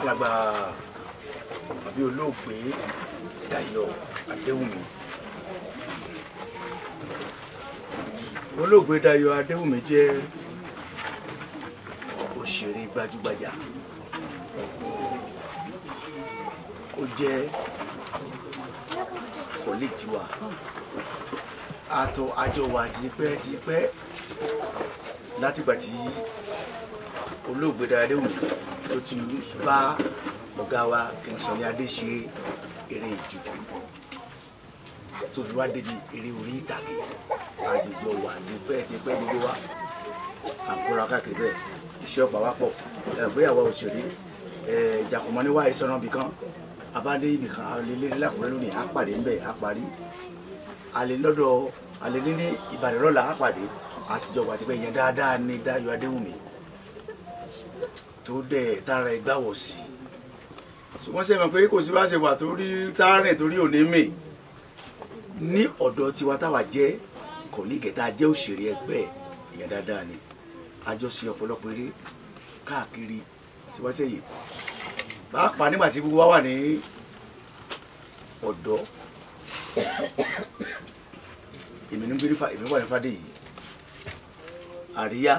alàgbà àbí olóògbé Dayọ̀ Adéwùmí olóògbé Dayọ̀ Adéwùmí jẹ́ òṣèré gbajúgbajà ó jẹ́ colleague tiwa àtọ àjọ wa tipẹ́ tipẹ́ látìgbà tí olóògbé Dayọ̀ Adéwùmí tó ti bá ọ̀gá wa King Sunny Adé ṣe eré ìjùjú tó fi wá débi eré orí ìtàgé àti ìjọ wà àti pẹ́ ti pẹ́ gbogbo wa àkúrà káàkiri bẹ́ẹ̀ iṣẹ́ ọ̀pá wa pọ̀ ẹ̀gbéyàwó òṣèré ìjàkùmọ́ níwá ìsọ̀nà bìkan abáde ibìkan aleléré lákùrẹ́ lónìí àpàdé ńbẹ̀ àparí alẹ́ lọ́dọ̀ alẹ́ nílé Ìbàdàn lọ́la àpàdé àtijọ́ àti pé ìyẹn dáadáa ní Dayọ̀ Adéwùmí tó dẹ̀ tára ẹ gbàwọ̀ sí i ṣùgbọ́n ṣe mọ̀ pé kò sí bá ṣe wà torí tárẹ̀ torí òní mì ní ọ̀dọ̀ tiwa táwa jẹ́ kọ̀lígẹ̀ tá a jẹ́ òṣèré ẹgbẹ́ ìyẹn dáadáa ni a jọ ṣe ọ̀pọ̀lọpọ̀ eré káàkiri ṣùgbọ́n ṣe yìí pàápàá nígbà tí gbogbo wa wà ní ọ̀dọ́ èmi ní gbérífà èmi wà ní fàdé yìí àríyá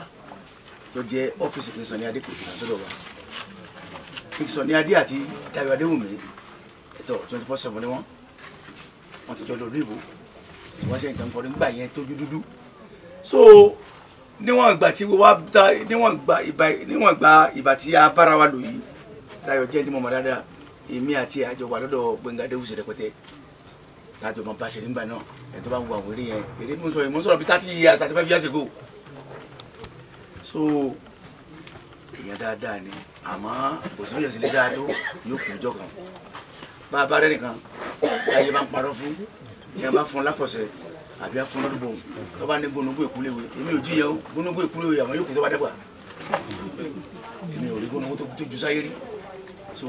tó jẹ́ ọ́fíìsì Kingston ní adé kò jìnnà sọ́dọ̀ wa Kingston ní adé àti Táyọ̀ Adéwùmí ẹ̀tọ́ twenty four seven ni wọ́n wọ́n ti jọ lọ lóyìnbó tí wọ́n ṣe nǹkan kọrin nígbà yẹn tójú dúdú so níwọ̀n ìgbà tí wọ́n ta níwọ̀n ìgbà ìgbà níwọ̀n ìgbà ìgbà tí a bára wa lò yìí Táyọ̀ jẹ́ ẹni tí mo mọ̀ dáadáa èmi àti àjọ wà lọ́dọ̀ Gbẹ́ngà Adéwùsì rẹpẹtẹ láti ọmọ bá ṣe nígbà náà ẹ̀ tó bá wù àwọn eré yẹn eré mú sọ yìí mú sọ̀rọ̀ bí thirty years thirty five years ago so èèyàn dáadáa ni àmọ́ òsínú yẹn sì lè dáa tó yóò kú ọjọ́ kan bá a bá rẹ nìkan ayé bá ń parọ́ fún tí a bá fún láfọ̀sẹ̀ àbí a fún lọ́dúnbò tó bá ní gbónúgbò ìkúléwé èmi ò jíyẹ o gbónúgbò ìkúléwé àwọn yòókù tó bá dẹ́gbà èmi ò rí gbónúgbò tó ju sáyé rí so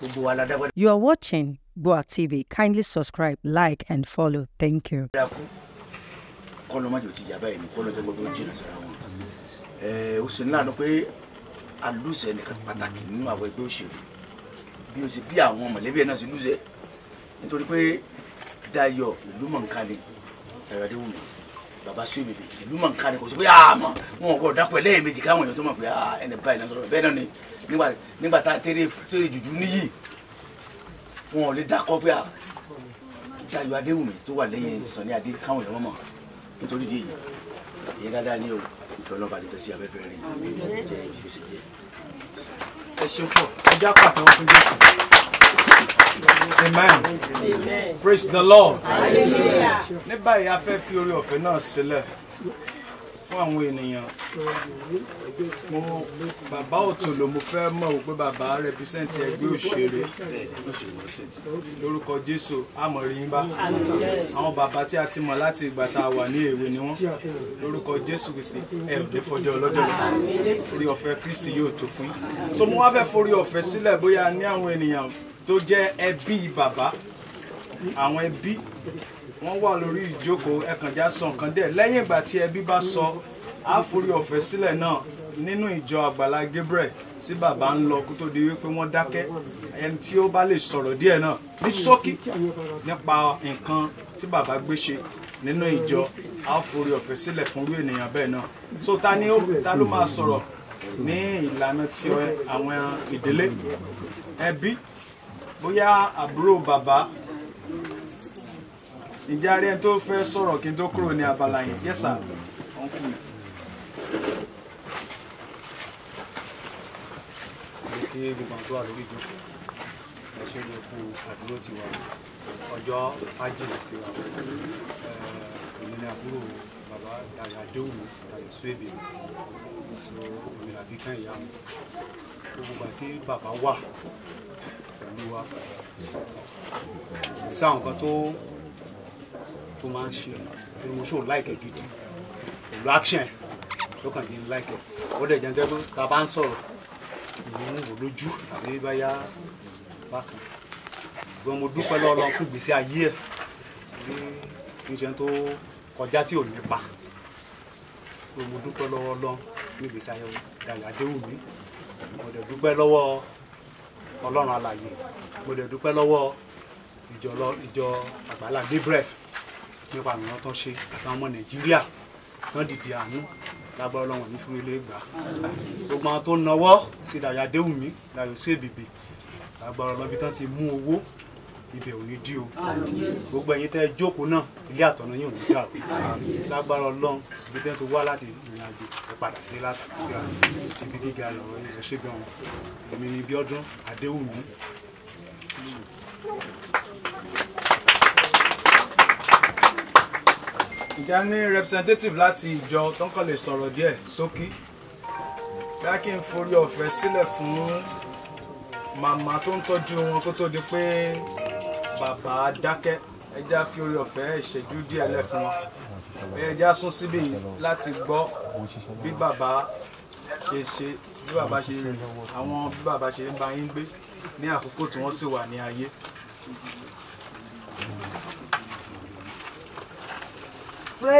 gbogbo wa la dágbà. You are watching Boa TV. Kindly subscribe, like, and follow. Thank you. kọ́lọ́ má ti yàgbá yìí ni kọ́lọ́ tó jìnnà sára wọn. Eh, ó sì ní láàánú pé a lùsẹ̀ nìkan pàtàkì nínú àwọn ẹgbẹ́ òṣèlú bí o sì bí àwọn mọ̀lẹ́bí ẹ̀ náà sì lùsẹ̀ nítorí pé Dayọ̀ ìlú mọ̀nkálẹ̀ ẹ̀rọ eh, adéwù mi bàbá Suebebe ìlú mọ̀nkálẹ̀ kò sí pé àmọ́ ah, wọn ò gbọ́dọ̀ dápẹ́ lẹ́ẹ̀mejì káwọn èèyàn tó mọ̀ pé ah, ẹnì báyìí náà sọ̀rọ̀ bẹ́ẹ̀ náà ni nígbà tá a tẹ́lẹ̀ jùjú níyì wọn ò lè dákọ́ pé ah, Dayọ̀ Adéwùmí tó wà lẹ́yìn Sunny Adé káwọn èèyàn mọ̀ nítorí di èyí ìyẹn dáadáa ní o ìtọ́ ọlọ́ba lè tẹ̀sí abẹ́fẹ́ rí jẹ́ amen praise the lord ní báyìí a fẹ́ fi orí ọ̀fẹ́ náà sílẹ̀ fún àwọn ènìyàn mo bàbá òtòlò mo fẹ́ mọ̀ wípé bàbá rẹpísẹ́ǹtì ẹgbẹ́ òṣèré lórúkọ Jésù amọ̀rìyìnbá àwọn bàbá tí a ti mọ̀ láti ìgbà tá a wà ní èwe ni wọ́n lórúkọ Jésù Kristi ẹ̀ ò ní fọjọ́ ọlọ́jọ́ orí ọ̀fẹ́ Kristi yóò tó fún yín so mo wá fẹ́ forí ọ̀fẹ́ sílẹ̀ bóyá ní àwọn ènìyàn tó jẹ́ ẹbí bàbá àwọn ẹbí wọ́n wà lórí ìjókòó ẹ̀kànjá sọ nǹkan díẹ̀ lẹ́yìn ìgbà tí ẹbí bá sọ àforí ọ̀fẹ́ sílẹ̀ náà nínú ìjọ àgbàlá Gabriel tí bàbá ń lọ kó tó di wípé wọ́n dákẹ́ ẹni tí ó bá lè sọ̀rọ̀ díẹ̀ náà ní ṣókí nípa nǹkan tí bàbá gbé ṣe nínú ìjọ àforí ọ̀fẹ́ sílẹ̀ fún irú ènìyàn bẹ́ẹ̀ náà so ta ni ó ta ló máa sọ̀rọ̀ ní ìlànà ti àwọn ìdílé ẹbí bóyá àbúrò bàbá ǹjẹ́ a rí ẹni tó fẹ́ sọ̀rọ̀ kí n tó kúrò ní abala yẹn yes sir ọ̀nkùn mi. kí gbogbo àwọn tó wà lórí ìjókòó ẹ ṣe lè kú àdúró tiwa ọjọ́ ajínigbé sí wa èmi ni àbúrò bàbá àdéhùn àyẹ̀só èbè òmìnira àbí kan ìyá mi gbogbo àti bàbá wà pẹ̀lú wa sáà nǹkan tó tó máa ń ṣe torí mo ṣòro gidi pẹ̀lú action ló kàn dé láìkẹ́ ó dẹ̀ jẹ́ńtẹ́ pé tá a bá ń sọ̀rọ̀ ìyẹn ń wò lójú àbí bá yá bákan ṣùgbọ́n mo dúpẹ́ lọ́wọ́ lọ́wọ́ fún gbèsè ayé ẹ̀ ní níṣẹ́ tó kọjá tí ò nípa mo dúpẹ́ lọ́wọ́ lọ́wọ́ ní gbèsè ayé Dayọ̀ Adéwùmí mo dẹ̀ dúpẹ́ lọ́wọ́ Ọlọ́run alààyè mo dẹ̀ dúpẹ́ lọ́wọ́ ìjọ àgbàlá Gabriel nípa àmìràn tó ṣe àwọn ọmọ nàìjíríà tán dìde àánú lágbára ọlọ́wọ̀n ní fún ilé ìgbà gbogbo àwọn tó náwó sí Dayọ̀ Adéwùmí Dayọ̀ sí èbìbì lágbára ọlọ́bí tán ti mú owó ibẹ̀ ò ní dí o gbogbo ẹ̀yin tẹ́ ẹ jókòó náà ilé àtọ̀nà yóò ní dàrú lágbára ọlọ́run ibi tẹ́ tó wá láti ìrìn àjò ẹ padà sílé látàkùn ibi gíga lọ́rọ̀ ẹ̀ ṣe gan-an èmi ni Bíọ́dún Adéwùmí ǹjẹ́ ní representative láti ìjọ tó ń kàn lè sọ̀rọ̀ díẹ̀ sókí bá kí n forí ọ̀fẹ́ sílẹ̀ fún màmá tó ń tọ́jú wọn kó tó di pé bàbá dákẹ́ ẹja fi orí ọ̀fẹ́ ìṣẹ́jú díẹ̀ lẹ̀ fún wọn ẹja sún síbí láti gbọ́ bí bàbá ṣe ṣe bí bàbá ṣe rìn àwọn bí bàbá ṣe ń bá yín gbé ní àkókò tí wọ́n sì wà ní ayé.